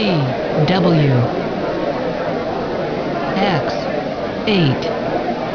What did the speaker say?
C W X 8